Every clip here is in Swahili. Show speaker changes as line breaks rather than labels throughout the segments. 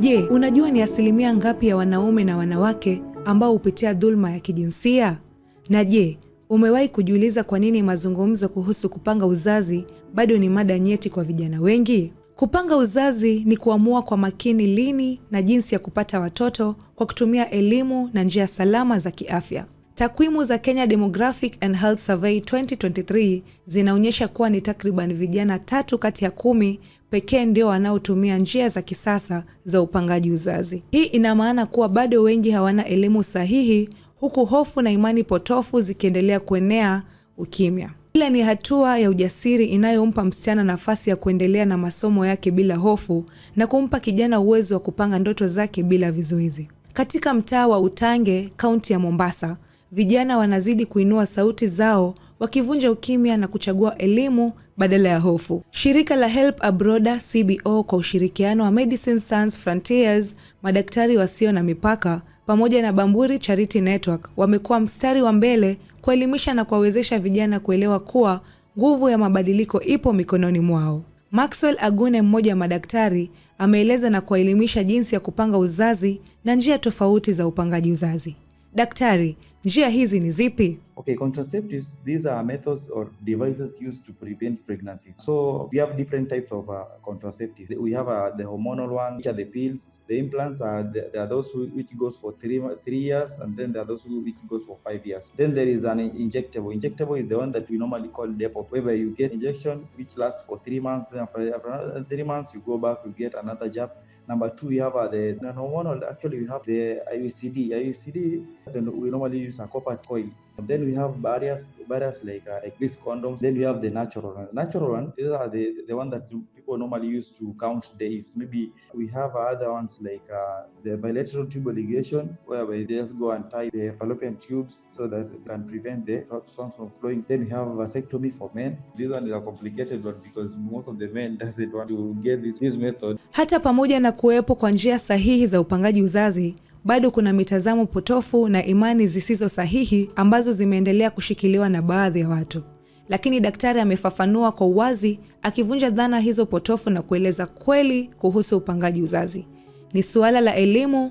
Je, unajua ni asilimia ngapi ya wanaume na wanawake ambao hupitia dhulma ya kijinsia? Na je, umewahi kujiuliza kwa nini mazungumzo kuhusu kupanga uzazi bado ni mada nyeti kwa vijana wengi? Kupanga uzazi ni kuamua kwa makini lini na jinsi ya kupata watoto kwa kutumia elimu na njia salama za kiafya. Takwimu za Kenya Demographic and Health Survey 2023 zinaonyesha kuwa ni takriban vijana tatu kati ya kumi pekee ndio wanaotumia njia za kisasa za upangaji uzazi. Hii ina maana kuwa bado wengi hawana elimu sahihi, huku hofu na imani potofu zikiendelea kuenea ukimya. Ila ni hatua ya ujasiri inayompa msichana nafasi ya kuendelea na masomo yake bila hofu na kumpa kijana uwezo wa kupanga ndoto zake bila vizuizi. Katika mtaa wa Utange, kaunti ya Mombasa, vijana wanazidi kuinua sauti zao wakivunja ukimya na kuchagua elimu badala ya hofu. Shirika la Help Abroad CBO kwa ushirikiano wa Medicine Sans Frontiers, madaktari wasio na mipaka pamoja na Bamburi Charity Network wamekuwa mstari wa mbele kuelimisha na kuwawezesha vijana kuelewa kuwa nguvu ya mabadiliko ipo mikononi mwao. Maxwell Agune, mmoja wa madaktari, ameeleza na kuwaelimisha jinsi ya kupanga uzazi na njia tofauti za upangaji uzazi. Daktari, Njia hizi ni zipi?
Okay, contraceptives, these are methods or devices used to prevent pregnancy. So we have different types of uh, contraceptives. We have uh, the hormonal ones which are the pills. The implants are, the, there are those who, which goes for three, three years, and then there are those who, which goes for five years. Then there is an injectable. Injectable is the one that we normally call depot, whereby you get injection which lasts for three months. Then after, after three months, you go back, you get another jab. Number two, you have uh, the number one. Actually, we have the IUCD. IUCD. Then we normally use a copper coil. Then we have various, various like uh, like these condoms. Then we have the natural one. Natural one. These are the the one that people normally use to count days. Maybe we have other ones like uh, the bilateral tube irrigation, where they just go and tie the fallopian tubes so that it can prevent the sperm from flowing. Then we have vasectomy for men. This one is a complicated one because most of the men doesn't want to get this, this method.
Hata pamoja na kuwepo kwa njia sahihi za upangaji uzazi, bado kuna mitazamo potofu na imani zisizo sahihi ambazo zimeendelea kushikiliwa na baadhi ya watu lakini daktari amefafanua kwa uwazi, akivunja dhana hizo potofu na kueleza kweli kuhusu upangaji uzazi. Ni suala la elimu,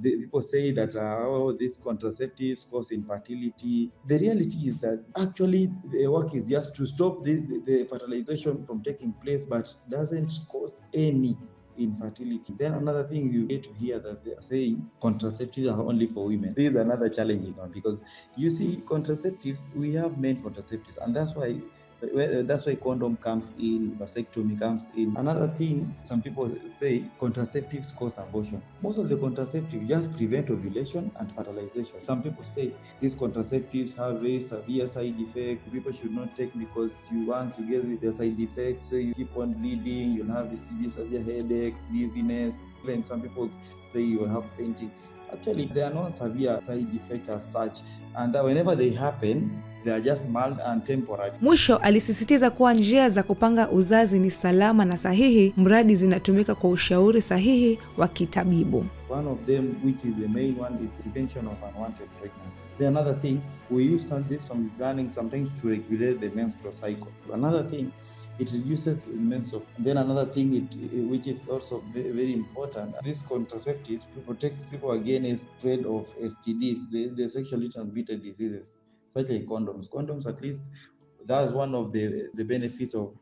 the, people say that uh, oh, these contraceptives cause infertility. The reality is that actually the work is just to stop the, the, the fertilization from taking place, but doesn't cause any infertility. Then another thing you get to hear that they are saying contraceptives are only for women. This is another challenging one because you see, contraceptives, we have men contraceptives, and that's why that's why condom comes in, vasectomy comes in. Another thing, some people say contraceptives cause abortion. Most of the contraceptives just prevent ovulation and fertilization. Some people say these contraceptives have very severe side effects. People should not take because you once you get the side effects, so you keep on bleeding, you'll have severe, severe headaches, dizziness. Even some people say you'll have fainting. Actually, there are no severe side effects as such, and that whenever they happen, They are just mild and temporary.
Mwisho alisisitiza kuwa njia za kupanga uzazi ni salama na sahihi mradi zinatumika kwa ushauri sahihi wa kitabibu.
One of them which is the main one is prevention of unwanted pregnancy. another thing, we use some this from sometimes to regulate the menstrual cycle. Another thing, it reduces menstrual. Then another thing it, which is also very important, this contraceptives protects people against spread of STDs, the, the sexually transmitted diseases. especially condoms. Condoms, at least, that's one of the, the benefits of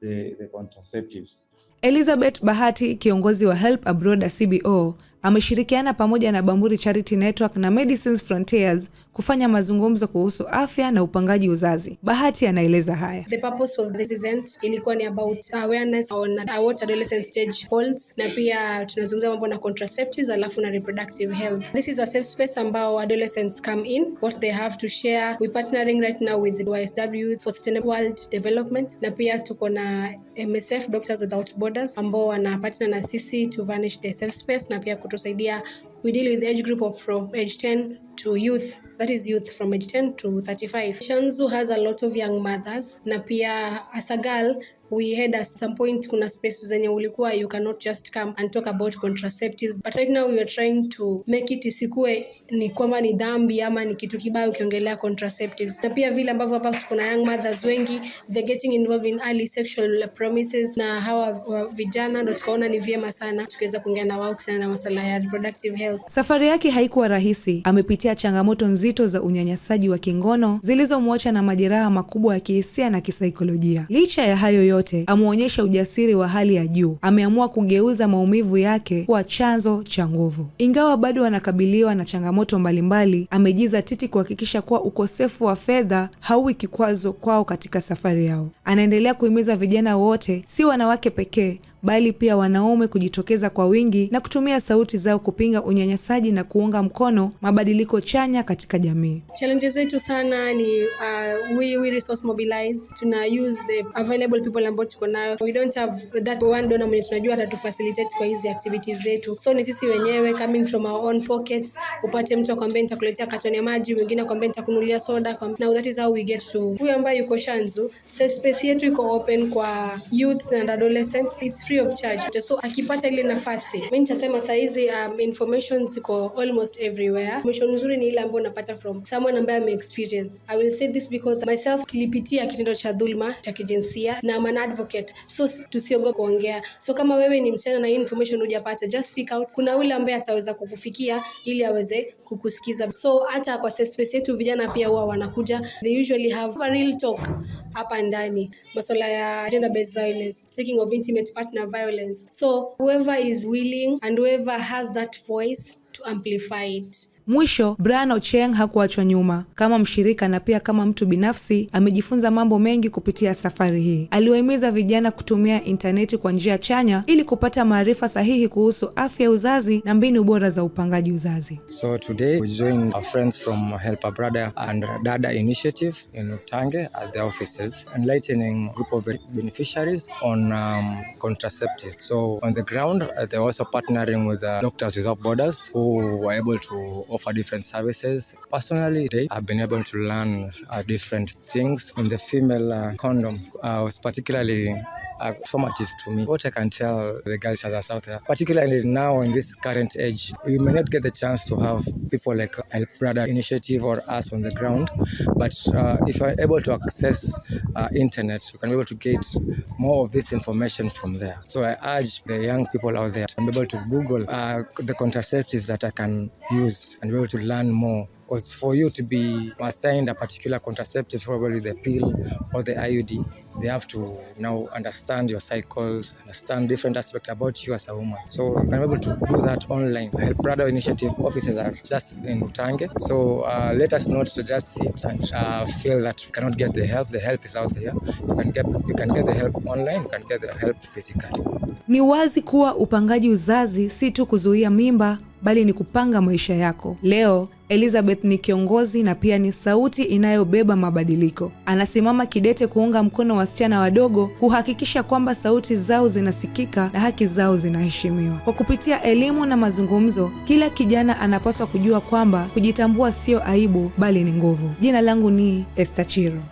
the, the contraceptives.
Elizabeth Bahati, kiongozi wa Help Abroad CBO, ameshirikiana pamoja na Bamburi Charity Network na Medicines Frontiers kufanya mazungumzo kuhusu afya na upangaji uzazi. Bahati anaeleza haya.
The purpose of this event ilikuwa ni about awareness on what adolescent stage holds na pia tunazungumza mambo na contraceptives alafu na reproductive health. This is a safe space ambao adolescents come in what they have to share. We partnering right now with YSW for sustainable world development na pia tuko na MSF Doctors Without Borders stakeholders ambao wanapatana na sisi to vanish the safe space na pia kutusaidia we deal with age group of from age 10 to youth that is youth from age 10 to 35 Shanzu has a lot of young mothers na pia as a girl we had at some point kuna spaces zenye ulikuwa you cannot just come and talk about contraceptives but right now we are trying to make it isikue ni kwamba ni dhambi ama ni kitu kibaya ukiongelea contraceptives, na pia vile ambavyo hapa kuna young mothers wengi the getting involved in early sexual promises, na hawa vijana ndo tukaona ni vyema sana tukiweza kuongea na wao kuhusiana na masuala ya reproductive health.
Safari yake haikuwa rahisi, amepitia kupitia changamoto nzito za unyanyasaji wa kingono zilizomwacha na majeraha makubwa ya kihisia na kisaikolojia. Licha ya hayo yote, ameonyesha ujasiri wa hali ya juu. Ameamua kugeuza maumivu yake kuwa chanzo cha nguvu. Ingawa bado anakabiliwa na changamoto mbalimbali, amejizatiti kuhakikisha kuwa ukosefu wa fedha hauwi kikwazo kwao katika safari yao. Anaendelea kuhimiza vijana wote, si wanawake pekee bali pia wanaume kujitokeza kwa wingi na kutumia sauti zao kupinga unyanyasaji na kuunga mkono mabadiliko chanya katika jamii.
Challenge zetu sana ni uh, we, we resource mobilize, tuna use the available people ambao tuko nayo. We don't have that one donor mwenye tunajua atatufacilitate kwa hizi activities zetu, so ni sisi wenyewe coming from our own pockets. Upate mtu akwambie nitakuletea katoni ya maji, mwingine akwambie nitakunulia soda, na that is how we get to huyo ambaye yuko Shanzu. Space yetu iko open kwa youth and adolescents. It's free free of charge, so akipata ile nafasi, mimi nitasema saa hizi um, information ziko almost everywhere. Information nzuri ni ile ambayo unapata from someone ambaye ame experience. I will say this because myself kilipitia kitendo cha dhulma cha kijinsia na I'm an advocate, so tusiogope kuongea. So kama wewe ni msichana na hii information hujapata, just speak out. Kuna ule ambaye ataweza kukufikia ili aweze kukusikiza. So hata kwa space yetu vijana pia huwa wanakuja, they usually have a real talk hapa ndani, masuala ya gender based violence, speaking of intimate partner na violence so whoever is willing and whoever has that voice to amplify it
Mwisho, Brian Ocheng hakuachwa nyuma. Kama mshirika na pia kama mtu binafsi, amejifunza mambo mengi kupitia safari hii. Aliwahimiza vijana kutumia intaneti kwa njia chanya ili kupata maarifa sahihi kuhusu afya ya uzazi na mbinu bora za upangaji uzazi.
So today we join our friends from Help a Brother and Dada initiative in Utange at offices enlightening group of beneficiaries on um, contraceptive. So on the ground uh, they also partnering with the uh, Doctors Without Borders who were able to offer offer different services. Personally, I've been able to learn uh, different things on the female uh, condom. I uh, was particularly are formative to me. What I can tell the girls that are out there, particularly now in this current age, we may not get the chance to have people like Help Brother Initiative or us on the ground, but uh, if you're able to access uh, internet, you can be able to get more of this information from there. So I urge the young people out there to be able to Google uh, the contraceptives that I can use and be able to learn more because for you to be assigned a particular contraceptive probably the pill or the IUD they have to now understand your cycles understand different aspects about you as a woman so you can be able to do that online Help Brother Initiative offices are just in Utange so uh, let us not just sit and uh, feel that we cannot get the help the help is out there you can get, you can get the help online you can get the help physically
ni wazi kuwa upangaji uzazi si tu kuzuia mimba bali ni kupanga maisha yako. Leo Elizabeth ni kiongozi na pia ni sauti inayobeba mabadiliko. Anasimama kidete kuunga mkono wasichana wadogo, kuhakikisha kwamba sauti zao zinasikika na haki zao zinaheshimiwa. Kwa kupitia elimu na mazungumzo, kila kijana anapaswa kujua kwamba kujitambua sio aibu, bali ni nguvu. Jina langu ni Esther Chiro.